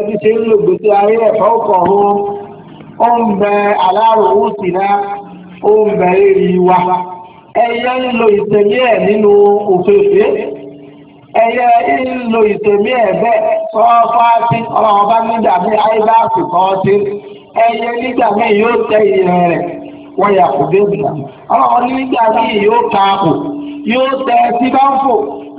ẹbí ṣe ń lo gbèsè ayé ẹ̀fọ́ ọkọ̀ ọ̀hún ó ń bẹ aláàrò ó sì ná ó ń bẹ èrì wa ẹyẹ ń lo ìtẹ̀mí ẹ̀ nínú òfèèfé ẹyẹ ń lo ìtẹ̀mí ẹ̀ bẹ́ẹ̀ sọ́ọ́fà sí ọlọ́run bá nígbà mí áìbáàsì kọ́ sí ẹyẹ nígbà mí yóò tẹ ìrìn rẹ̀ wọ́n kò dé ìgbà ọlọ́run nígbà mí yóò kaapò yóò tẹ tí bá ń fò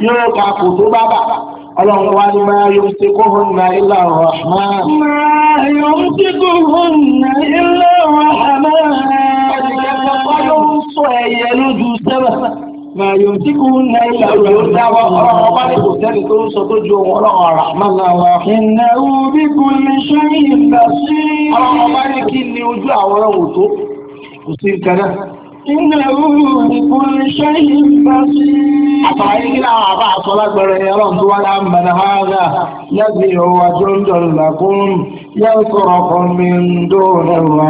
yóò kaapò tó bá bàbà ọlọ́run wá ní máa yóò ti kó hùn náà ilá rahman. máa yóò ti kó hùn náà ilá rahman. ẹ̀ẹ́dẹ̀gbẹ̀ta wá ló ń sọ ẹ̀yẹ lójú sẹ́wà. máa yóò ti kó hùn náà ilá rahman. ọlọ́run ọba ní kò sẹ́ni tó ń sọ tó ju ohun ọlọ́run rahman náà wá. ìnà òbí kò lè ṣe ọ̀rọ̀ Àtàrí kí láwọn àbá àsọ́lágbẹ̀rẹ̀ ẹ̀rọ̀n tó wá lámbàdà hágá lẹ́gbẹ̀ ìhòwà tó ń jọ lọ́kún yẹ́ kọ̀rọ̀kọ̀ mi ń dóòrẹ̀ rọ̀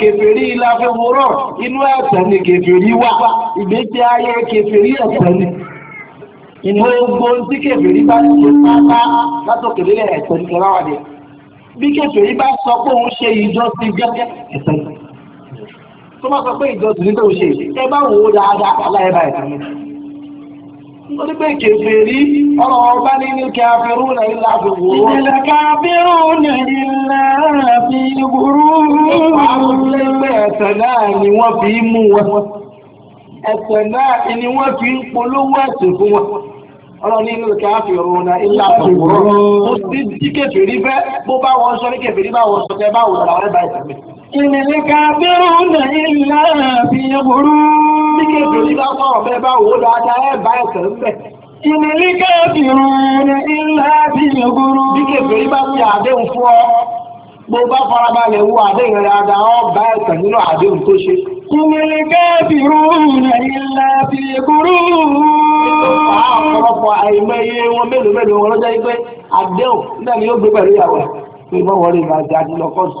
kèfèrí ìlàfẹ́ wòrọ̀ inú ẹ̀sẹ̀ ni kèfèrí wà ìgbésí ayé kèfèrí ẹ̀sẹ̀ ni inú gbogbo tí kèfèrí bá ti ṣe pátá látòkè lélẹ̀ ẹ̀sẹ̀ ni kẹrà wà dé bí kèfèrí bá sọ pé òun ṣe ìjọsìn gẹ́gẹ́ ẹ̀sẹ̀ ni tó bá sọ pé ìjọsìn ní tó ṣe ẹ bá wò ó dáadáa aláyẹ̀bá ẹ̀sẹ̀ ni Torí pé kèfè rí ọ̀rọ̀ ọba ní ní kàfírú nà ilá fi wòrò. Ìlà kàfírú nà ilá fi wòrò. Àwọn ilé ẹ̀sẹ̀ náà ni wọ́n fi mú wọn. Ẹ̀sẹ̀ náà ni wọ́n fi ń polówó ẹ̀sìn fún wọn ọlọ́run ní ìlú káfíìrù na ilé àtọ̀kùrọ̀ ó sì tí kẹfìrí fẹ́ bó bá wọn sọ ní kẹfìrí bá wọn sọ tí kéèkì ní bá fáwọn fẹ́ bá òwò dáadáa ẹ̀ bá ẹ̀sẹ̀ ń bẹ̀. ìnílí kéèkì rún ní ilẹ̀ bí ìgboro. bí kéèkì ní bá ti àdéhùn fún ọ bó bá farabalẹ̀ wo àdéhùn rẹ̀ dáadáa ọ bá ẹ̀sẹ̀ nínú àdéhùn tó ṣe. ìnílí kéèkì rún ní ilẹ̀ bí àti àdínlọ́kọ́sù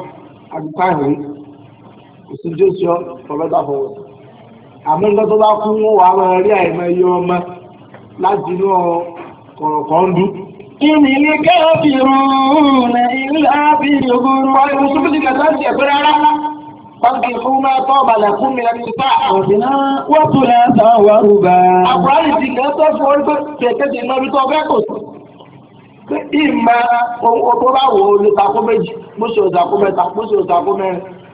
àti táìmù yìí àmọ́ nǹkan tó bá kú wọn wà máa rí àìmọ iye ọmọ láti inú kọ̀ọ̀kọ̀ọ́ndú. Ìní ni kẹ́ẹ̀fì rúùn ilá bí ìgbòrò ọ̀rọ̀ ìṣúkúdì kẹta ti ẹ̀fẹ́ rárá. Báńkì fún máa tọ́ balẹ̀ fún mi lẹ́nu ìta àwọ̀dínà wọ́n tún lẹ́ sàn wá rúbà. Àkùrárì ti kẹ́ tó fún orí pé kẹ̀kẹ́ ti lọ bí tó fẹ́ kò sí. Ìmọ̀ ohun tó bá wò ó lè takó méjì, mo ṣe òṣàkó mẹ́ta, mo ṣe òṣàkó mẹ́rin.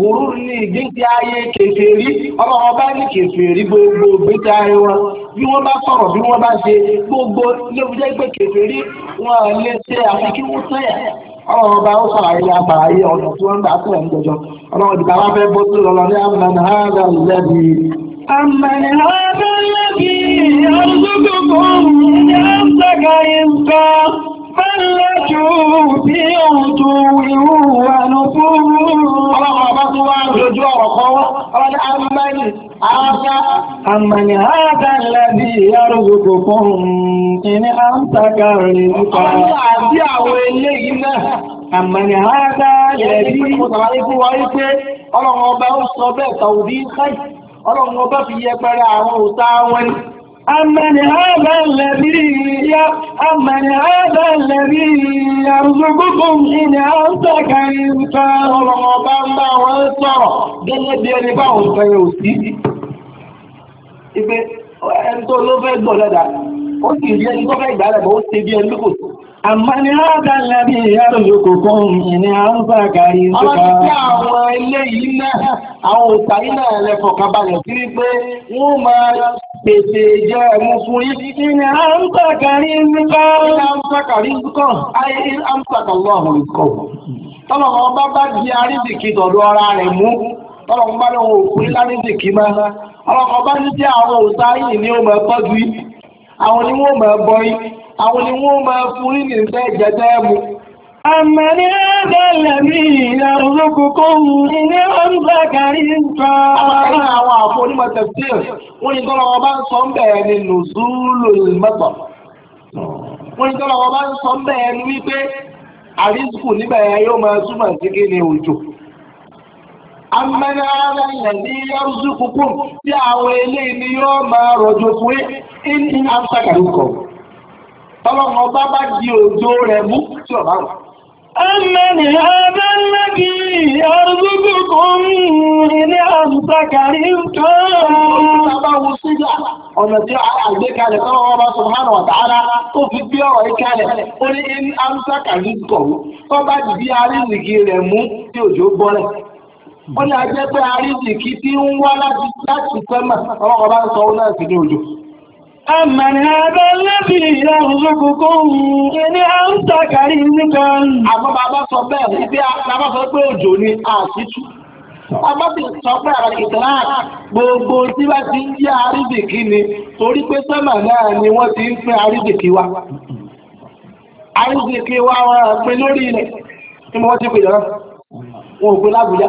gòrú ní ìgbésí ayé kèfèrí ọlọ́run ọba ní kèfèrí gbogbo ìgbésí ayé wọn bí wọ́n bá sọ̀rọ̀ bí wọ́n bá ṣe gbogbo lóbìjẹ́ pé kèfèrí wọn lè ṣe àfikún sẹ́yà ọlọ́run ọba ó sọ̀rọ̀ ayé àgbàrá ayé ọ̀nà tí wọ́n ń gbà sílẹ̀ níjọjọ ọlọ́run ìgbà wá fẹ́ bọ́ sí lọ́lọ́ ní amman hadha alladhi amman hadha alladhi yarzuqukum أمن هذا الذي يرزقكم إن أمسك رزقا Àmàni àádá lẹ́bí ìpòtàwáríkú wáyé pé ọlọ́run ọba ó sọ bẹ́ẹ̀ tàwùdí ṣáì, ọlọ́run ọba fi yẹpẹrẹ àwọn òta wọn. Àmàni àádá lẹ́bí yá, àmàni àádá lẹ́bí yàrùsùgbùkùn ìní àásàkàrí ń ká ọlọ́run ọba ń bá wọn sọ̀rọ̀ gẹ́gẹ́ bí ẹni báwọn fẹ́ òsì ìpé ẹni tó ló fẹ́ gbọ́ lọ́dà ó sì rí ẹni tó fẹ́ gbà lẹ́bọ̀ ó ṣe bí ẹni kò tó. Àmọ́ ni a dá lábí ìyárò yòókò kan ìní a ń bá kàrí ń tó bá. Ọlọ́dún tí àwọn eléyìí náà, àwọn òtàrí náà lẹ́fọ̀ kábàlẹ̀ sí wípé wọ́n máa pèsè jẹ ẹ̀mú fún yí. Ìní a ń bá kàrí ń tó bá. Ìní a ń bá kàrí ń tó kọ̀, ayé a ń bá kàrí ń tó kọ̀. Tọ́lọ̀ tọ́lọ̀ ń bá ní ohun òkú ńlá ní ìdìkì máa ń ọlọ́ ọba ní tí àwọn òòṣà yìí ni ó máa tọ́jú yìí àwọn ni wọ́n máa bọ yìí àwọn ni wọ́n máa fún ní ìfẹ́ jẹjẹ mu. àmọ́ ní ẹgbẹ̀lẹ̀ mi ìlà olóko kó wù ní ní wọ́n bá kárí ń tọ́. àwọn àwọn àfọ onímọ̀ wọ́n ní tọ́lọ̀ ọba ń sọ bẹ́ẹ̀ ni nùzúlò mẹ́tọ̀ wọ́n ní tọ́lọ̀ ọba ń sọ bẹ́ẹ̀ ni wípé amẹ́nà ara ilẹ̀ ní ẹrùsù púpù tí àwọn ilé ni yóò máa rọ̀jò fún ní amsakari kọ̀. ọlọ́run ọba bá di òjò rẹ̀ mú tí ọ̀bá wà. amẹ́nà ara ilẹ̀ ní ẹrùsù púpù ní amsakari kọ̀. ọ̀nà tí àgbékalẹ̀ tọ́wọ́ subhanahu wa ta'ala tó fi gbé ọ̀rọ̀ ìkalẹ̀ ó ní amsakari kọ̀. ọba dìbí wọ́n ní ajẹ́ pé àríṣìkí tí ń wá láti láti sẹ́mà ọlọ́kọ̀ bá ń sọ ọ́ náà sí ní òjò. Àmàni abẹ́ lẹ́bí ìyá òṣogbogbò ní à ń ní bí ni àṣìtú. Bàbá sì sọ pé àwọn ìtàn gbogbo tí bá ti ń jẹ́ àríṣìkí ni torí pé wọn pín lórí ilẹ̀ tí mo wọ́n ti pè yọ̀rọ̀. Wọn ò pín lábùjá.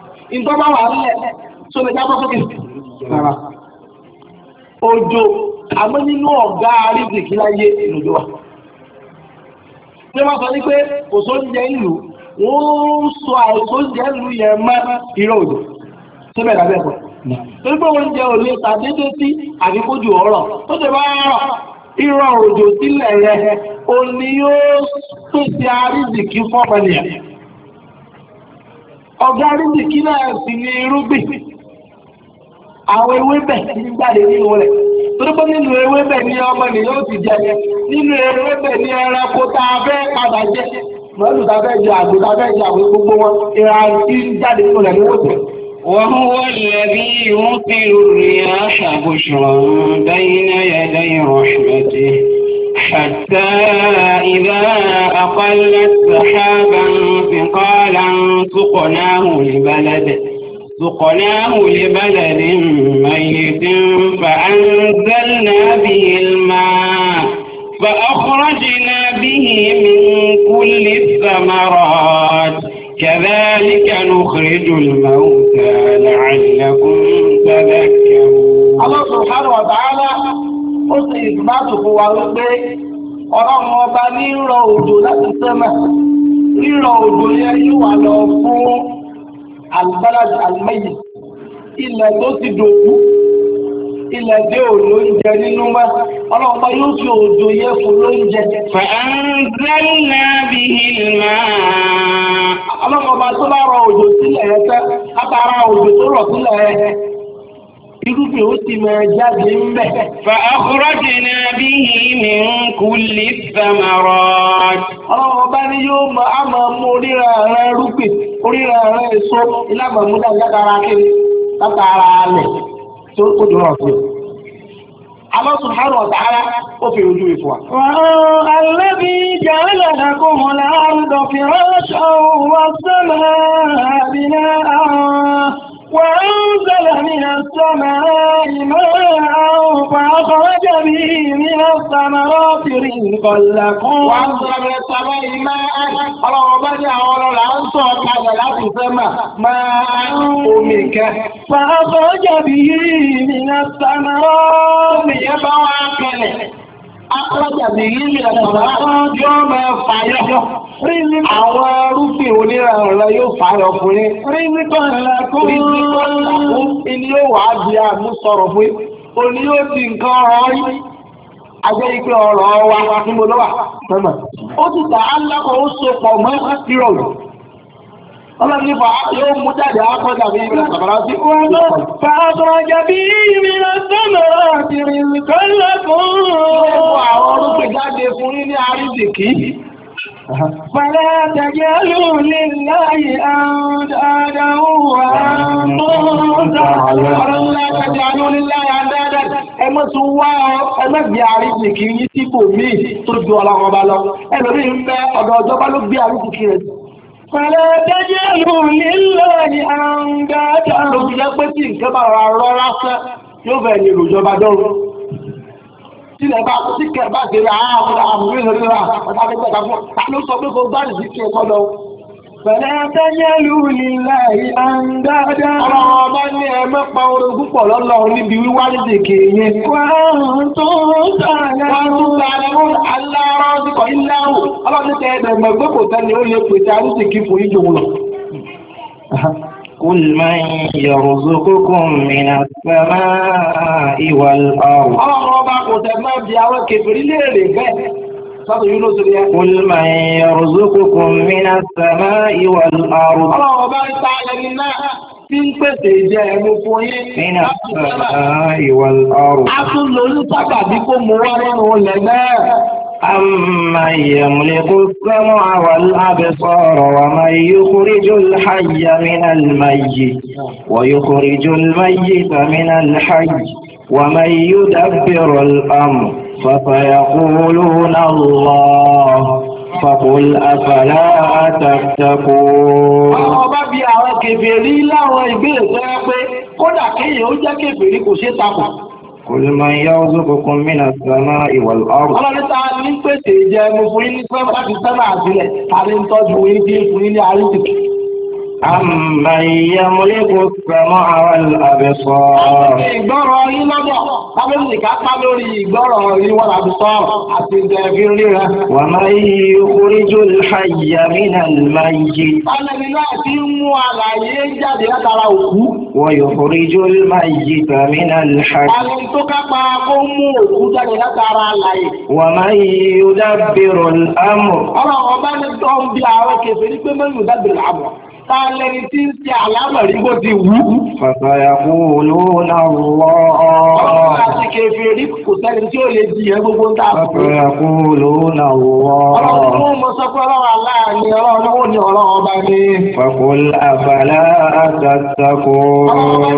nǹkan bá wà nílẹ̀ tó lè jábọ́ sókè rárá òjò àmọ́ nínú ọ̀gá rìzìkì láyé ìlòjò wa ní wọ́n sọ ní pé kò sóúnjẹ ìlú wọ́n sọ àìsóúnjẹ ìlú yẹn mọ́ ìrọ̀ òjò síbẹ̀ lábẹ́ ẹ̀kọ́ torí pé oúnjẹ ò lè tàdédé sí àfikójú ọ̀rọ̀ tó jẹ bá rọ̀ ìrọ̀ òjò sílẹ̀ yẹn òní yóò pèsè àrízìkì fọ́mọnìyàn ọ̀gá rúbì kí náà sì ní irúgbìn àwọn ewébẹ̀ nígbàdé nínú rẹ̀ torípé nínú ewébẹ̀ ní ọmọ nìyẹn ó ti jẹ yẹn nínú ewébẹ̀ ní ẹranko tá a fẹ́ padà jẹ mọ́lù tá a fẹ́ jẹ àgbò tá a fẹ́ jẹ àwọn gbogbo wọn ìrà tí ń jáde nínú rẹ̀ ní tẹ̀. wọ́n wọ́n lẹ́bí wọ́n fi rìn àṣà bùṣọ̀ bẹ́yìn náà yẹ lẹ́yìn rọ̀ṣùmẹ́tì. حتى إذا أقلت سحابا ثقالا سقناه لبلد سقناه لبلد ميت فأنزلنا به الماء فأخرجنا به من كل الثمرات كذلك نخرج الموتى لعلكم تذكرون ó sì ìsìbáàtù fún wa wípé ọlọ́run ọba ní rọ òjò láti sẹ́mà rírọ òjò yẹn yóò wà lọ fún alùpàdàjì àlùmẹ́yì ilẹ̀ tó ti dòkú ilẹ̀ dé òòlù oúnjẹ nínú mọ́ ọlọ́run ọba yóò fi òjò yẹn fún lóúnjẹ. fàánzẹ́lá ìlà. ọlọ́run ọba tó bá rọ òjò sílẹ̀ yẹn tẹ́ látara òjò tó rọ̀ irúgbìn ó sì máa jáde ń bẹ̀. fa akhrajna bihi min kulli thamarat. ọlọ́run ọba ni yóò máa á máa mú oríra rẹ rúgbìn oríra rẹ èso ìlàgbàmúdà látara kiri látara alẹ̀ tó kó jùlọ ọ̀sẹ̀. Allah subhanahu wa ó fi ojú ìfọ̀ wa. Wọ́n alẹ́bí jàálà àkóhùn láàrùn dọ̀fìrọ́ṣọ́ wọ́n sọ́mọ́ àbínà وأنزل من السماء ماء فأخرج به من الثمرات رزقا لكم وأنزل من السماء ماء رغبة أولا الأنصار كان لا تسمى ماء أمك فأخرج به من الثمرات يبوى أخرج به من الثمرات Àwọn arúgbìn onírànlá yóò fààrọ̀ fún yín. Rízíkọ̀ ńlá kún. Rízíkọ̀ ńlá kún. Ilé sọrọ, ti Ajẹ́ ipe ọ̀rọ̀ wa fún mo lọ́wà. Ó ti tà á ó so pọ̀ mọ́ Ọlọ́run nípa yóò mú jáde àkọ́jà bí sí. فلا تجعلوا لله أندادا وأنتم تعلمون لا تجعلوا لله أندادا ẹ mọ́ tún wá ẹ mẹ́bí àríkì kì í síbò míì tó ju ọlọ́run ọba lọ ẹlòmíì ń bẹ ọ̀dọ̀ ọjọ́bá ló gbé àríkì kì rẹ̀ sí. Fẹ́lẹ́ tẹ́jẹ́ ìlú ní àǹgá tó ń lò jẹ́ pé tí nǹkan yóò bẹ̀rẹ̀ ìlú ìjọba dọ́rùn tí lè bá tí kẹ̀ bá ṣe ah, rà àwọn àmúrí ìrírí rà ọ̀tá tó gbẹ̀dá fún ta ló sọ pé kò bá nìyí ṣe kọ́ lọ. Bẹ̀rẹ̀ tẹ́yẹ́ lù nílá ń dáadáa. Ọlọ́run ọba ní ẹ mẹ́pa orin púpọ̀ lọ́lọ́ níbi wíwá nídèké yẹn. Wọ́n tó sàlẹ̀. Wọ́n tó sàlẹ̀ fún ìjòwò قل من يرزقكم من السماء والأرض قل من يرزقكم من السماء والأرض Tí ń pèsè ìjẹ ẹ̀mú fún yín. Nínà ìwà ọ̀rùn. A tún lórí sábàbí kó mú wá nínú ilẹ̀ náà. أمن يملك السمع والأبصار ومن يُخْرِجُ الْحَيَّ مِنَ الْمَيِّتِ وَيُخْرِجُ الْمَيِّتَ مِنَ الْحَيِّ ومن يُدَبِّرُ الْأَمْرَ فسيقولون الله فَقُلْ أَفَلَا تتقون ọba bí àwọn kèfèrí láwọn ìgbéyàwó ẹ pé kódà kéèyàn ó Olùmọ̀ ìyá ọzọ́kọ̀ kan mìíràn sàmà ìwà ọ̀rọ̀. Ọlọ́run ta ní pèsè ìjẹ́ mo fún yín ní pẹ́ láti sẹ́nà àtìlẹ̀ tàbí ń tọ́jú yín bí fún yín ní àríṣìkì. أمن يملك السمع والأبصار. Àwọn ìgbọ́rọ̀ yín lọ́dọ̀, tábìlì nìkan pa lórí ìgbọ́rọ̀ yín wọ́n àbí sọ́ọ̀rọ̀ àti ìdẹ̀bí ríra. Wa man yukhrijul hayya minal mayyit. Ọlọ́ni náà ti ń mú àlàyé jáde látara òkú. Wa yukhrijul mayyita minal hayy. Àwọn tó kápá kó mú òkú jáde látara àlàyé. Wa man yudabbirul amr. Ọlọ́run ọba ní tó ń bi àwọn kẹfẹ́ ní pé mẹ́rin ò dábìrì àmọ̀. ta lẹni tí ń ṣe àlámọ̀rí bó ti wú. Fàtàyà kú olóòlà lọ. Ọlọ́run láti kẹfì rí kò sẹ́ni tí ó lè di ẹ gbogbo ń tàbí. Fàtàyà kú olóòlà lọ. Ọlọ́run ló mọ sọ pé ọlọ́run aláàánú ọlọ́run lówó ọlọ́run ọba ní. Fàkùl àbàlá àtàtàkù. Ọlọ́run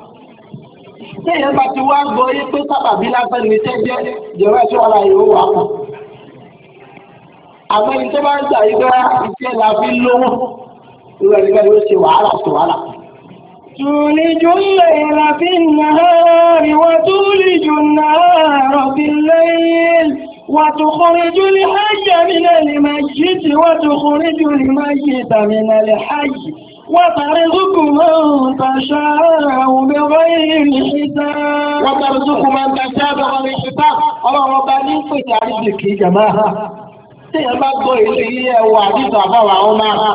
téèyàn bá ti wá gbọ́ yé pé sábàbí lásán ni tẹ́ jẹ́ ìjọba tí wọ́n ra ìwé wà kàn. àmọ́ ẹni tó bá ń sàyí pé iṣẹ́ la fi lówó ìwé ẹ̀ríkà yóò ṣe wàhálà tó wàhálà. تولج الليل في النهار وتولج النهار في الليل وتخرج الحي من الميت وتخرج الميت من الحي وترزق من تشاء بغير حساب وترزق من تشاء بغير حساب ọlọ́run ọba ní pèsè àríjìkì jàmá tí ẹ bá gbọ́ èyí yí ẹwà àdìsọ àbáwà àwọn máa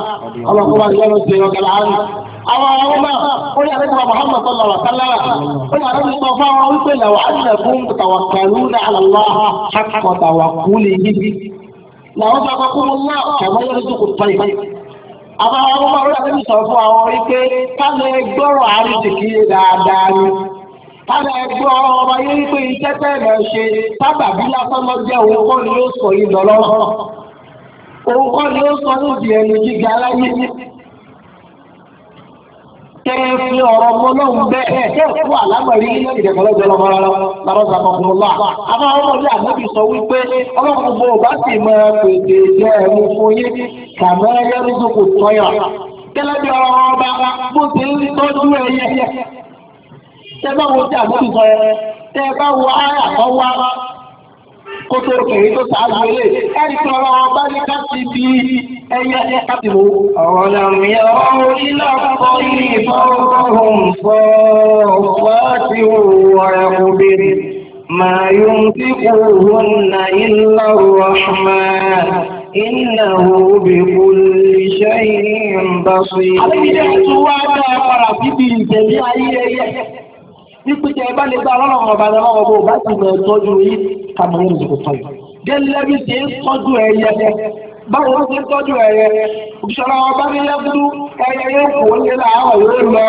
ọlọ́run bá yọ́nà sí ọ̀gẹ̀lá àárín àwọn àwọn máa ó ní àdìsọ Muhammad sọlọ wàtálára ó ní àdìsọ fáwọn wípé làwọn àdìsẹ̀kùn tàwàkàlù ní àlọ́lá akọ̀tàwàkú lè yí làwọn àwọn ọmọ ọmọ rẹ̀ lẹ́nu sọ fún àwọn wípé kálẹ̀ gbọ́rọ̀ àríṣìkí dáadáa ni kálẹ̀ gbọ́ ọmọ yé wípé iṣẹ́ tẹ́lẹ̀ ṣe sábàbí lásán lọ jẹ́ òun kọ́ ni ó sọ yìí lọ́lọ́rọ̀ òun kọ́ ni ó sọ ní ìdí ẹni gíga láyé tẹ́ẹ̀fẹ́ ọ̀rọ̀ mọ́lọ́hún bẹ́ẹ̀ tẹ́ẹ̀fẹ́ àlámọ̀rí ìdẹ̀kọ̀lọ́jọ́ lọ́mọ́rọ́ lọ́rọ́sà kọkùnrùlá. àwọn ọmọdé ànábì sọ wípé ọlọ́run bó bá sì máa pèsè jẹ́ ẹ̀mú fún yín kàmọ́ yẹ́rùsùkù tọ́yọ̀. gẹ́lẹ́ bí ọ̀rọ̀ ọba bó ti ń tọ́jú ẹyẹ. tẹ́ bá wo tí ànábì sọ kó tó kẹ̀yìn tó sáájú ilé ẹni tí ọ̀rọ̀ ọba ní káàkiri bí ẹyẹ ẹyẹ káàkiri wò. ọ̀rọ̀ làmì ọ̀rọ̀ ilé ọkọ̀ yìí fọ́ọ̀rọ̀hún fọ́ọ̀fọ́ àti ọ̀rẹ́ obìnrin máa yóò ti kú òun náà ilé ọ̀rọ̀ Innahu bi kulli shay'in basir. Àbíjẹ́ tó wá dáa padà síbi ìtẹ̀lé ayé ẹyẹ. Nípìtẹ̀ bá lè gbà lọ́nà ọ̀bàdàn ọ̀bọ̀ bá ti mọ̀ ẹ̀tọ́jú yìí kàmọ́ yẹn lóṣù tó yìí. gẹ́lẹ́ bí ti ń tọ́jú ẹyẹ báwo ló ti ń tọ́jú ẹyẹ òṣèlú àwọn bá ní ẹyẹ yóò kó ní láàárọ̀ yóò lọ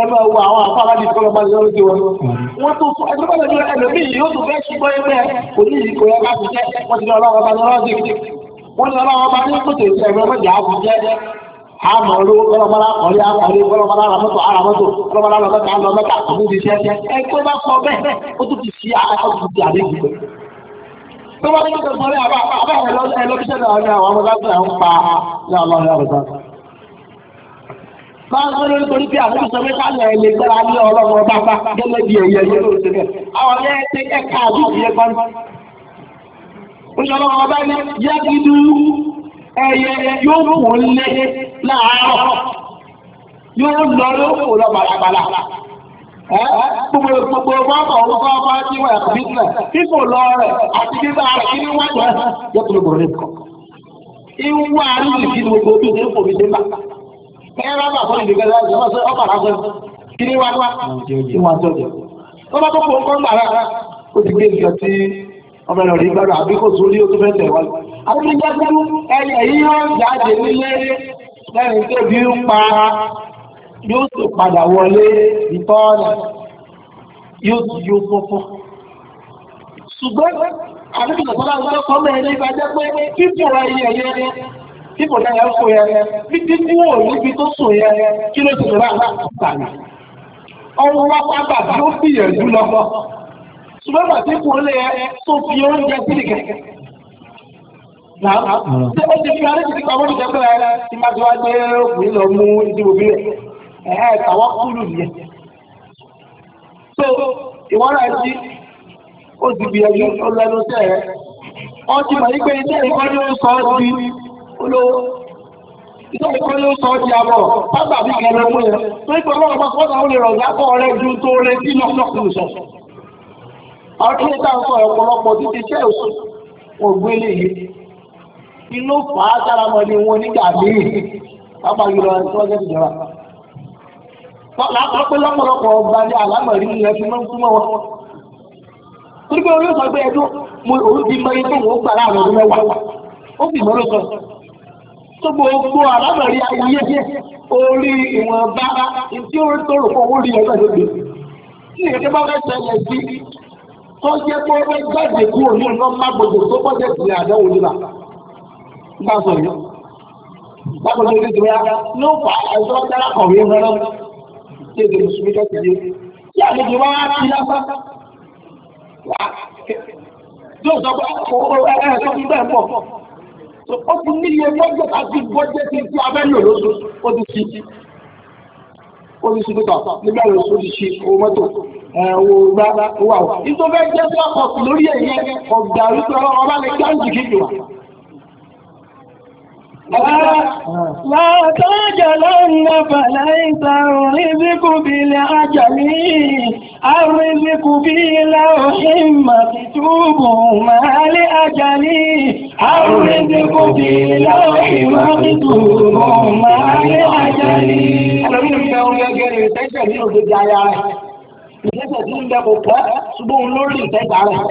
ẹ wo àwọn àfárá bíi kọ́lọ́ bá lọ́wọ́ sí wọn. wọ́n tún fún ẹgbẹ́ bọ́lá ìjọba ẹlòmíì yóò tún fẹ́ ṣùgbọ́n ẹgbẹ́ kò ní ìkó yẹ láti jẹ́ wọ́n ti ní ọlọ́wọ́ bá ní ọlọ́wọ́ àmọ̀ olówó kọ́lọ́mọ́lá kọ́lé àkọ́lé kọ́lọ́mọ́lá ramọ́tò aramọ́tò kọ́lọ́mọ́lá lọ́mọ́tà lọ́mọ́tà àbúrò iṣẹ́ ẹ tó bá sọ bẹ́ẹ̀ ó tún ti fi àkọ́tù ti àlejò pẹ̀. tó bá tó tẹ̀sán lé àbá àbá ẹ̀ lọ́bíṣẹ́ náà ní àwọn ọmọdé àti àwọn pa ní àwọn ọmọdé àbùsá. bá a sọ nítorí pé àbúrò sọ pé káàlẹ̀ ẹ̀ lè gbára lé ọlọ́run ọba bá gẹ́lẹ́ bí ẹ̀yẹ yẹn ló ṣe bẹ́ẹ̀. àwọn ẹ̀ ti ẹ̀ka àbúrò yẹn gbọ́n. ó ṣe ọlọ́run ọba ní yẹ́ ẹyẹ yóò mú lé láàárọ̀ yóò lọ yóò lọ balabala gbogbo gbogbo fáfà ọ̀rọ̀ fáfà tí wọ́n yà fífò lọ rẹ̀ àti bíbá rẹ̀ kí ni wọ́n yóò tó ni gbogbo ń fòmí ẹ ìdí gẹ́gẹ́ láti kí ni wọ́n wá bá ọmọ ẹ̀rọ rí gbádùn àbí kò sórí ó tún fẹ́ tẹ̀wá. àwọn tó jẹ́ pẹ́lú ẹyẹ yìí yóò jáde nílé lẹ́yìn tó bí ń pa yóò sì padà wọlé ìtọ́ọ̀nà yóò sì yóò fọ́fọ́. ṣùgbọ́n àdúgbò ìgbàgbọ́n àwọn ọmọ ọmọ ẹni bá jẹ́ pé fífò ẹyẹ ẹyẹ fífò ẹyẹ ń fò ẹyẹ títí tí wò níbi tó sùn ẹyẹ kí ló ti lọ́wọ́ àwọn àkùkà ṣùgbọ́n bàtí kò lè tó fi oúnjẹ sí ìkẹ́ ṣé ó ti fi aré ti pamọ́ ìjẹ́ pé ẹ ti máa ti wá gbé òkùnrin lọ mú ìdíbò bí rẹ̀ ẹ̀ tàwọn kúlù nìyẹn. so ìwọ́n náà jí ó ti gbìyànjú ó lẹ́nu tẹ̀ ẹ́ wọ́n ti mọ̀ wípé iṣẹ́ ìkọ́ sọ ọ́ di olówó iṣẹ́ ìkọ́ sọ ọ́ di abọ́ pápá àbí ìkẹ́lẹ́ mú yẹn tó ń pọ̀ lọ́wọ́ àwọn kí ní táwọn sọ ọ̀pọ̀lọpọ̀ títí iṣẹ́ òsùn wọn gbé léyìí inú fà á sára mọ́ ni wọn nígbà míì pápá yìlọ ẹni tó jẹ́ ìjọba. lápá pé lọ́pọ̀lọpọ̀ ọba ní àlámọ̀rí ilẹ̀ fi máa ń súnmọ́ wọn. torí pé orí ìsọgbẹ́ ẹdún mo òun ti mọ ikú òun gbà láàrin ọdún mẹ́wàá ó sì mọ́ lóṣọ. tó gbogbo àlámọ̀rí ayé orí ìwọ̀nba tí ó ń tóró fún owó rí ẹgbẹ́ tó jẹ́ pé ó jáde kúrò ní ọ̀nà mágbòdò tó bọ́ jẹ́ ìrìn àdáwò nílà nígbà sọ yìí bákan náà ní ìdílé ló fà ẹjọ́ dára kọ̀wé rẹ́rẹ́ tí èdè mùsùlùmí tó ti yé tí àlejò wá ti lásán yóò sọ pé ẹ ẹ sọ fún bẹ́ẹ̀ pọ̀ ó ti níye bọ́jẹ̀ àti bọ́jẹ̀ ti ti abẹ́ lò lóṣù ó ti ti ó ní síbítà nígbà rẹ̀ ó ti ṣe owó mọ́tò owó gbá owó àwọn. ìtọ́fẹ́ jẹ́ sí àkọsí lórí ẹ̀yẹ ọ̀gbà wípé ọlọ́run ọba lè ká وتجلن فليس الرزق بالعجل الرزق بلوح مكتوب ما لأجل الرزق بلوح مكتوب ما لأجل Ìgbésẹ̀ tí ń bẹ kò pẹ́ ṣùgbọ́n lórí ìtẹ́jà rẹ̀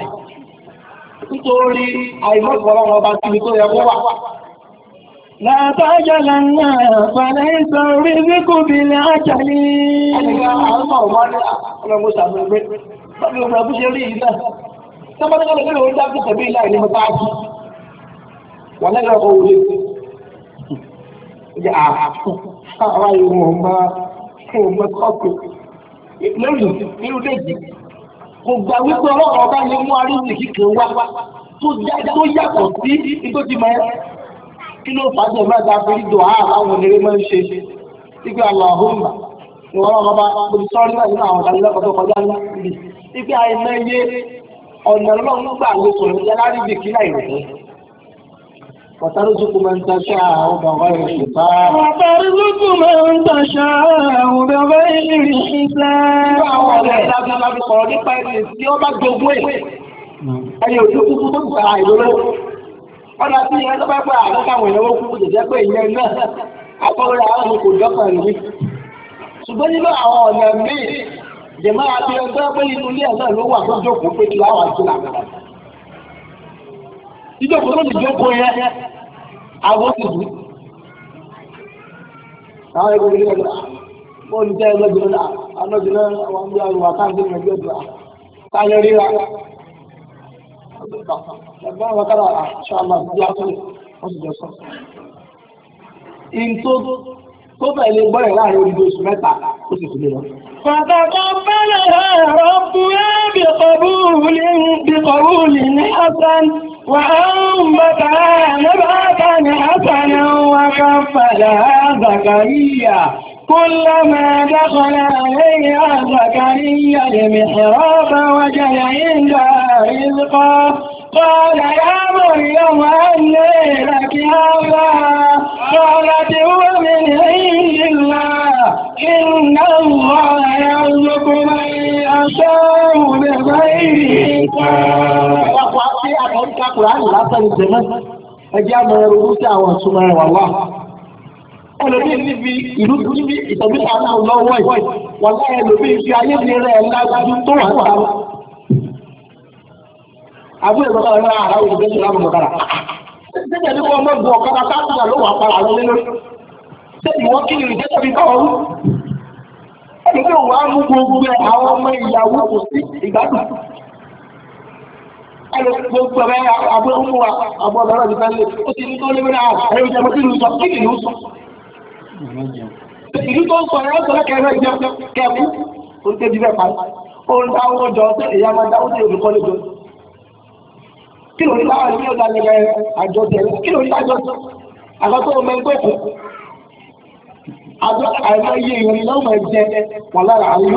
nítorí àìmọ́sọ̀rọ̀ ọba tí ibi tó yẹ kó wà. لا تعجلن فليس الرزق بالعجل wàlẹ́gbẹ̀ ọkọ̀ òwúrẹ́ ìgbà àwọn ìwọ̀n ọmọ ọmọ kọ́kù lórí irú lèjì kò gbà wípé ọlọ́pàá bá ní mú arínrìn kíkẹ́ wá tó yàtọ̀ sí ìgbójúmọ̀ ẹ̀ kí ló fàájẹ̀ mẹ́ta fi dùn á àwọn onírè máa ń ṣe ibi àlọ́hùnmá ni wọ́n rọ́bà bóbi sọ́ọ́rí náà nínú àwọn ìdánilẹ́kọ̀ọ́ tó kọjá níbi ibi àìmọye ọ̀nà ọlọ́run gbà ló sọ̀rọ̀ ní alárí bí kí láì rẹ̀ وترزق من تشاء بغير حساب وترزق من تشاء بغير حساب àwọn ọ̀rẹ́ ìdájọ́ láti sọ̀rọ̀ nípa ẹni tí ó bá jogún ẹ̀ hmm. ẹni òjò kúkú tó ń sara ìlú lọ́wọ́ ọ tí ìyẹn tó bá pẹ́ àlọ́kà àwọn èèyàn ókú kò jẹ́ pé ìyẹn náà akọ̀wé àwọn kò dọ́kàn rí. ṣùgbọ́n nínú àwọn ọ̀nà míì jẹ̀mọ́ àti ẹgbẹ́ pé inú ilé ló wà tó jókòó pé kí láwọn àti tó ti jókòó yẹn àwọn ti àwọn nípa ẹgbẹ́ àwọn kára àṣàmà bí àtúnyẹ̀ wọ́n sì jọ sọ. Ìntó tó bẹ̀rẹ̀ lè gbọ́rẹ̀ láàrin odidi oṣù mẹ́ta ó sì fi lè lọ. Fàtàkọ́ bẹ́rẹ̀ ẹ̀rọ búrẹ́ bí kọ̀rúùlì ní Hassan wà á ń bàtà ní bàtà ní Hassan wà kan fàdà Zakariya. كلما دخل عليها زكريا المحراب وجد عندها رزقا قال يا مريم أني لك هذا قالت هو عند الله إن الله يرزق من يشاء بغير حساب. Ẹjẹ́ àmọ́ ẹrù rúṣà àwọn ọ̀túnmọ̀ ẹ̀wà wà ẹlòmíì níbi ìlú níbi ìtọ́jú àná lọ́wọ́ ẹ̀ wọ́n láyé ẹlòmíì fi ayé mi rẹ̀ lájú tó wà nípa lọ. àbúrò ìgbàgbọ́ ẹ̀rọ ara òṣìṣẹ́ ìṣẹ́ láàmú ọ̀kadà. sẹ́jẹ̀ ní kó ọmọ ìgbọ̀ ọ̀kadà sáàtìlá ló wà para àwọn lélórí. sẹ́jẹ̀ ìwọ́n kí ni ìjẹ́ tẹ̀lé káwọn rú. ẹni pé òun á mú gbogbo àwọn ọmọ ìyàwó kò sí ìgbádùn. ẹni gbogbo ẹ̀ àbúrò ń fún wa àbúrò ọ̀dọ́ ìlú tó ń sọ ẹ̀rọ sọ kẹrẹ jẹun kẹkú ó tẹ́ jí mẹ́fà ó ń dá owó jọ pé èyí máa dáwó sí olùkọ́ lójó kí ló ní láwọn ilé ọ̀dà lẹ́gbẹ̀ àjọ tẹ̀lé kí ló ní lájọ tó àgbà tó mẹ gbé kù àjọ àìmọ iye ìrìn náà mọ jẹ wọn lára àwọn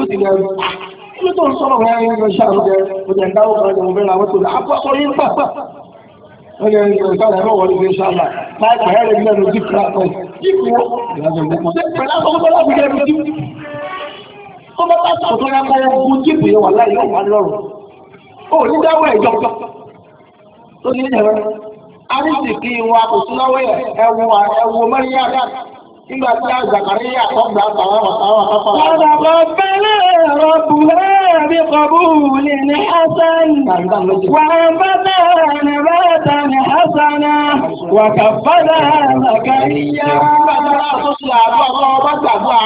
tó rẹ̀ ń ṣàrùjẹ ọ̀rẹ́ ìrọ̀sára ẹ̀rọ wọlé ní ṣáàlá láìpẹ̀ ẹ̀rẹ̀ ilẹ̀ ló dìkọ̀ àpọ̀ ìkúwó ìrọ̀sára ẹ̀rọ wọlé ní ṣáàlá láìpẹ̀ ẹ̀rẹ̀ ilẹ̀ ló dìkọ̀ àpọ̀ ìkúwó ìrọ̀sára ẹ̀rọ wọlé ní nígbà tí àgbàkárí àkọ́gbà àtàwọn àtàwọn àtàwọn. Padà bọ̀ fẹ́lẹ̀ ẹ̀rọ bùrẹ́ bí kọ̀bùlì ní Hassan. Wà á bàtà ní bàtà ní Hassan. Wà kà fàdà Zakariya. Bàtà àtúnṣe àbọ̀ ọmọ bàtàgbà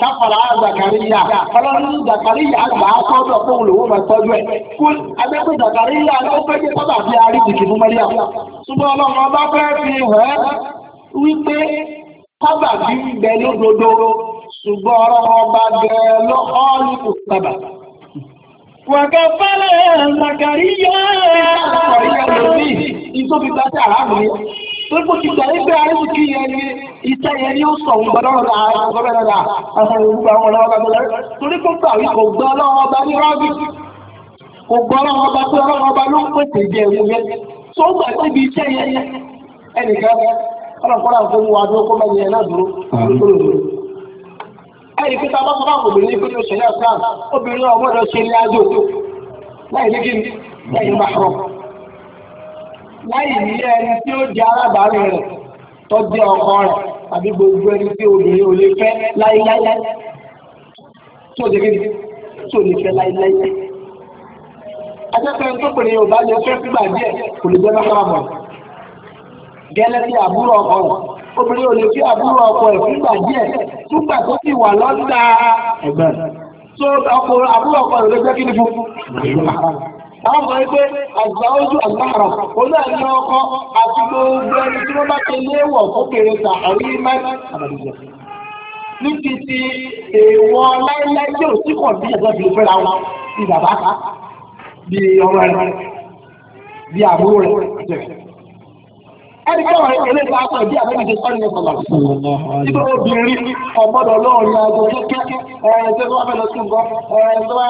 káfàrà Zakariya. Ọlọ́run Zakariya àgbà àtọ́jọ́ fún olówó máa tọ́jú ẹ̀. Kún abẹ́pẹ́ Zakariya ló fẹ́ jẹ́ sábà arí jìkì fún Mẹ́ríà. Ṣùgbọ́n ọlọ́run ọba fẹ́ fi hàn wípé sábà bí ń bẹ lódodo ṣùgbọ́n ọ̀rọ̀ ọba gẹ̀ẹ́ ló ọ́ọ́lù kò sábà. Wàkàfàlẹ̀ Zakariya. Zakariya ló ní ìtòbi tàbí àràmù ni. Pépò ti kí yẹn ni iṣẹ́ yẹn ni ó sọ òun gbọ́dọ̀ rà gbọ́dọ̀ rà àwọn olùgbà àwọn ọlọ́wọ́ gbàgbọ́ lẹ́rẹ́. Torí kó gbà wí kò gbọ́ ọlọ́wọ́ ọba ní rọ́bì. Kò gbọ́ ọlọ́wọ́ ọba pé ọlọ́wọ́ ọba ló ń pèsè jẹ ìwé. Tó gbà pé ibi iṣẹ́ yẹn ẹnìkan ọlọ́nkọ́lá ń fún wa dúró kó bá yẹn náà dúró lókòrò dúró. ẹ̀yìn pé táwọn bá kọ̀ obìnrin pé oṣù náà sáà obìnrin náà ọmọdé ṣe ní ájò láì ní kí láì ní bàrọ̀ láì ní ẹni tí ó jẹ́ alábàárẹ̀ rẹ̀ tó jẹ́ ọkọ rẹ̀ àbí gbogbo ẹni tí obìnrin ò lè fẹ́ láíláíláí tó lè rí tó lè fẹ́ láíláíláí. ajẹ́pẹ́ ń tó pè ní Yorùbá lè fẹ́ fúgbà díẹ̀ kò lè jẹ́ mẹ́ta mọ̀ gẹ́lẹ́ bí àbúrò ọkọ rẹ̀ obìnrin ò lè fi àbúrò ọkọ ẹ̀ fúngbà díẹ̀ fúngbà tó sì wà lọ́dà ẹ̀gbọ́n so ọkọ àbúrò ọkọ rẹ̀ ló jẹ́ kí ni fún àwọn ọmọ ẹgbẹ́ àgbà ojú àgbàrà olú ẹ̀yìn ọkọ àti gbogbo ẹni tí wọ́n bá ti léwọ̀ fókèrè ta àrí mẹ́rin ní ti ti èèwọ̀ láíláí tí ò sí kọ̀ bí ẹ̀jẹ̀ fi fẹ́ra wọn bí bàbá bí ọmọ rẹ̀ bí àbúrò rẹ̀ ẹni kọ́ ọ̀rẹ́ ilé ìta akọ̀ ìdí àbẹ́bí ti sọ́ni ẹ̀kọ́ nígbà obìnrin ọ̀gbọ́dọ̀ lọ́ọ̀rin aago kẹ́kẹ́ ẹ̀ẹ́dẹ́ tó wà fẹ́ lọ sí nǹkan ẹ̀ẹ́dẹ́ tó wà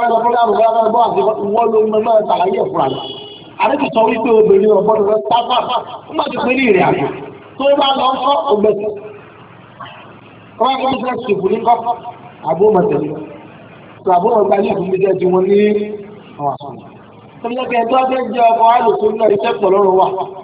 fẹ́ lọ fún láàrú wà fẹ́ bọ́ àti wọ́n ló mọ náà ṣàlàyé ẹ̀fọ́ àná. àdéhùn sọ wípé obìnrin ọ̀gbọ́dọ̀ lọ sáfà nígbà tó pé ní ìrìn àjò tó bá lọ ń kọ́ ògbẹ́sì. wọ́n á kọ́ ṣùkú ní kọ́ àbúrò mọ̀tẹ́lẹ̀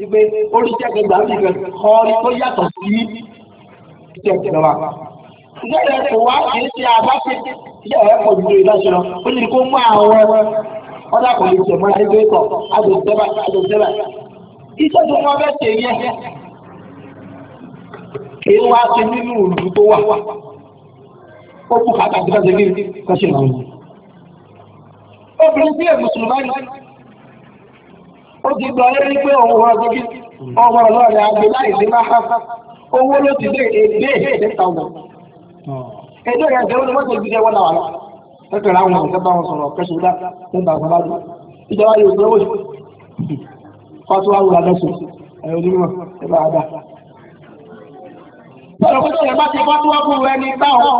wípé oríṣi ẹgbẹgbà ń bìkan kọrin tó yàtọ̀ sí iṣẹ́ ìjọba. Iṣẹ́ ìrẹ́ kò wá kìí ṣe àbáṣe iṣẹ́ ìrẹ́ pọ̀ ju ìlọ́ṣọ́ lọ. Ó ní kó mú àwọn ọ̀dà kò lè tẹ̀ mọ́ra ẹgbẹ́ ikọ̀ àjòjẹ́bà àjòjẹ́bà. Iṣẹ́ tó wọ́n fẹ́ ṣe yẹ kì wá ṣe nínú ìlú tó wà. Ó kú kàtàkì láti gbé kọ́ṣẹ́ ìrọ̀lù. Obìnrin tí ó ti gbọ́ lórí pé òun wọ́n gbogbo ọmọ ọlọ́rẹ̀ agbe láì sí máa owó ló ti dé èdè èdè tàwọn èdè rẹ̀ ṣe wọ́n ti gbé wọn náà lọ lẹ́kẹ̀ẹ́ àwọn ọ̀sẹ̀ bá wọn sọ̀rọ̀ kẹsì dá fún bàbá bá dùn ìjọba yóò gbé wọ́n kọ́tù àwọn àdẹ́sọ̀ ẹ̀yọ́ onímọ̀ ẹ̀bá àdá. sọ̀rọ̀ pé sọ̀rọ̀ bá ti bá tó wá fún ẹni táwọn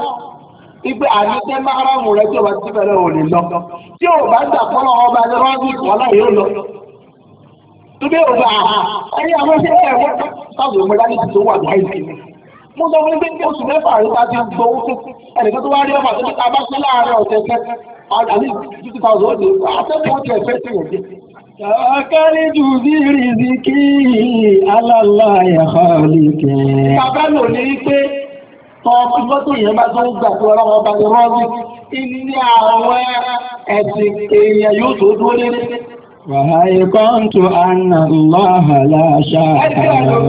ipe àdìsẹ́ máa rárùn rẹ̀ tí ò bá ti bẹ̀rẹ̀ òní lọ tí ò bá gbà fọ́lọ́ ọba ẹni rọ́ọ̀dù ìkọ́lá yóò lọ. Tóbi ọ̀gá ẹni àwọn ṣe ẹ̀wọ́ táwọn ọmọ ìdájí tó wà láìsí. Mo sọ fún pé oṣù mẹ́fà rẹ̀ bá ti ń gbowó fún ẹnìkan tó wá rí ọmọ àti bá sí láàárọ̀ ọ̀sẹ̀ kẹ́ àdàlí two thousand ó di àtẹ́kọ̀ọ́ ti ẹ̀fẹ́ sí ẹ̀jẹ̀. Kàkàrí jù sí rìzìkì alálà ẹ̀họ́ lìkì. Bàbá lò ní pé ọkùnrin mọ́tò yẹn bá tó ń gbà Wàháyé kọ́ntù àná lọ́hà láṣà àwọn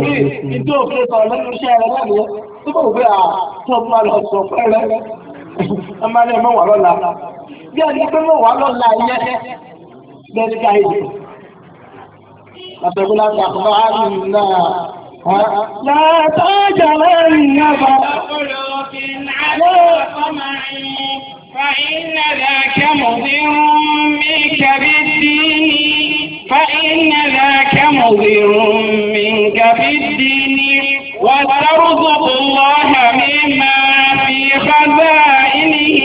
ìdó òfin sọ lẹ́nu iṣẹ́ rẹ̀ lẹ́nu tó bọ̀ wípé àtọ́ máa lọ sọ fẹ́ rẹ̀ ẹ máa ní ẹmọ́wà lọ́la. Bí ẹni pé mọ́wà lọ́la yẹ lẹ́nu ká ìdè. Àtẹ̀kùn láti àkọ́kọ́ ní náà. Látọ́jà lẹ́yìn Àkọ́kọ́ فإن ذاك مضر منك بالدين فإن ذاك مضر منك بالدين وترزق الله مما في خزائنه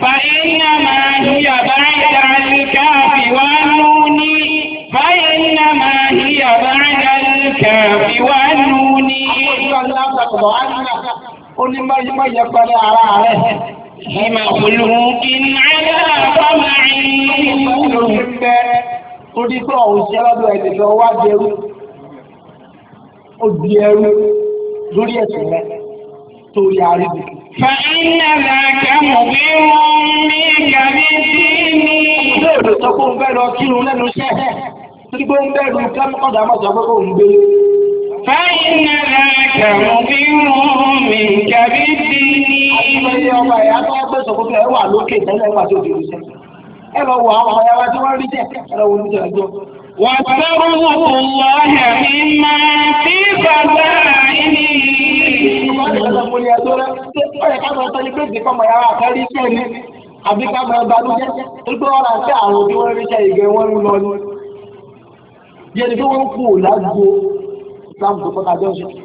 فإنما هي بعد الكاف والنون فإنما هي بعد الكاف والنون قل ما يقبل على عليه هم خلوق على طمع Torí pé ọ̀hún ṣe lọ́dọ̀ ẹ̀dẹ̀ lọ wá jẹrú, ó di ẹrú lórí ẹ̀sìn rẹ̀ torí àríbì. Fàínà làkà mọ̀ pé wọ́n ní ìgbàgbé sí ní. Ilé èrò sọ pé ó ń bẹ̀rù ọkírun lẹ́nu iṣẹ́. Torí pé ó ń bẹ̀rù kámọ́dà máa sọ pé ó ń gbé. Fàínà làkà mọ̀ pé wọ́n ní ìgbàgbé sí ní. ọmọ ẹ̀yà tó wá gbẹ̀sọ̀ ya fẹ́ wà lókè tẹ́lẹ̀ wà tó fi ríṣẹ́. ẹ lọ wọ àwọn tí wọ́n rí jẹ́ ẹ lọ wọ oníjẹ ẹjọ wàtẹ́rù wọ̀nyẹ ìmọ̀ tí bàbá ìní. àbí ká máa wọn kọ́ta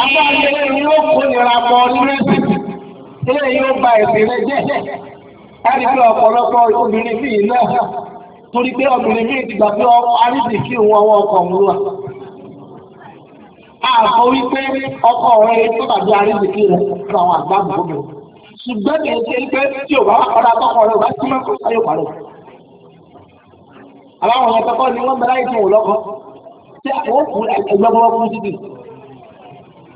Àbá ayẹyẹ yóò kó nira pọ̀ nínú ẹ̀sìn. Ilé yóò ba ẹ̀sìn rẹ jẹ́. Láti fi ọ̀pọ̀lọpọ̀ obìnrin sí ìlú ẹ̀. Torí pé obìnrin míì ti gbà pé àríṣì kí òun ọwọ́ ọkọ òun wà. Àbọ̀ wípé ọkọ rẹ̀ tó kí rẹ̀ fún àwọn àgbà Ṣùgbọ́n kì í ṣe pé tí ò bá wà padà tọkọ ò bá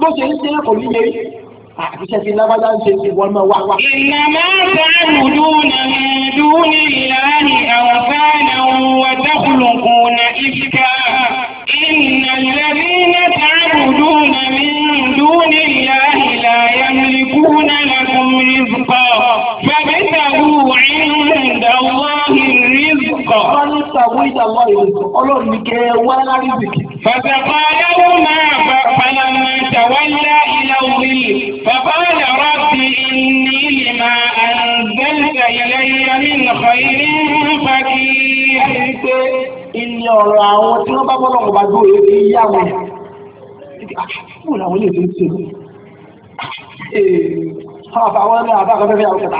bó ṣe ń ṣe kò ní yẹ àtúnṣe ti lábájá ń ṣe ti wọ́n máa wá wá. ìlà máa ń ní ìlànà àwọn wàtẹ́kùlùkùn ìfìkà. إن الذين تعبدون من دون الله لا يملكون لكم رزقا فابتغوا عند الله الرزق فابتغوا عند الله ọ̀rọ̀ àwọn tí wọ́n bá bọ́lọ̀ ọba gbó èyí ti yá wọn yà fún àwọn ilé ìdílé tó fún àfàwọn ẹgbẹ́ àbá àkọ́fẹ́ fẹ́ àwọn kẹta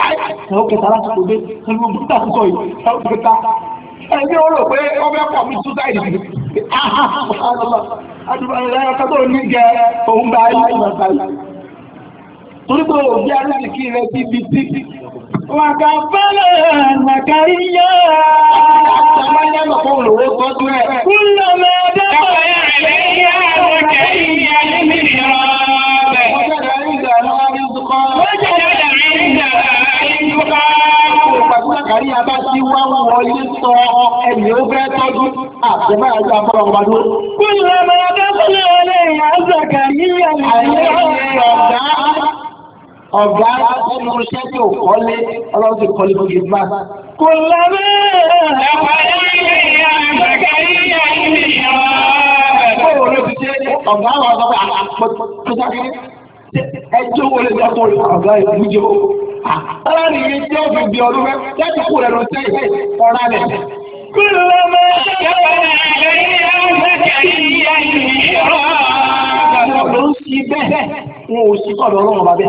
àwọn kẹta láti kò dé pẹ̀lú bùtà ń sọ yìí àwọn kẹta ẹni ó rò pé wọ́n fẹ́ pọ̀ mí súsáìdì àdùbàyẹ̀kọ́ tó ní gẹ òun bá yí torí pé òbí arúgbìkì rẹ ti bi títí Wàkàfẹ́lẹ̀ Nàkàríyà. Kúlọ̀mọ̀ dẹ́kọ̀ọ́ ẹ̀rẹ̀lẹ́yà Nàkàríyà ní mìíràn. Àkàrí àbá tí wá wọlé sọ ẹni ó fẹ́ tọ́jú àjẹmọ́ àjọ àpọ̀lọ̀ ọmọdé. Kúlọ̀mọ̀ dẹ́kọ̀ọ́ ẹ̀rẹ̀lẹ́yà Nàkàríyà ní mìíràn ọ̀gá ẹnu iṣẹ́ tí ò kọ́lé ọlọ́run ti kọ́lé fún yorùbá. kò lọ́rẹ́ ẹ̀fọ́ ilé ìyá àgbàkà yíyá ilé ìyá. bóòlù ló fi ṣe ọ̀gá àwọn ọ̀gá àpò pẹ́sàkiri ẹjọ́ wo lè dá bọ́ọ̀lù ọ̀gá ìbújọ́. Ah, ọlọ́run yìí tí ó fi di ọdún rẹ láti kú rẹ̀ lọ sí ọ̀rá rẹ̀. kò lọ́rẹ́ ẹ̀fọ́ ilé ìyá àgbàkà yíyá ilé ìyá. ọ̀gá ọ̀gá ń ṣí bẹ́ẹ̀ wọn ò sí ọ̀dọ̀ ọlọ́run bàbá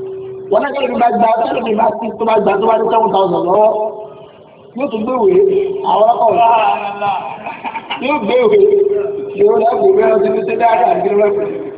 wọn náà tẹ́lẹ̀ bá gba tẹ́lẹ̀ bá sí tó bá gba tó bá ní seven thousand lọ́wọ́ yóò tún gbéwèé àwọn ọ̀rọ̀ yóò gbéwèé yóò lọ́ọ́ gbé wẹ́rẹ́ ọdún tó dáadáa àti rẹ́pù.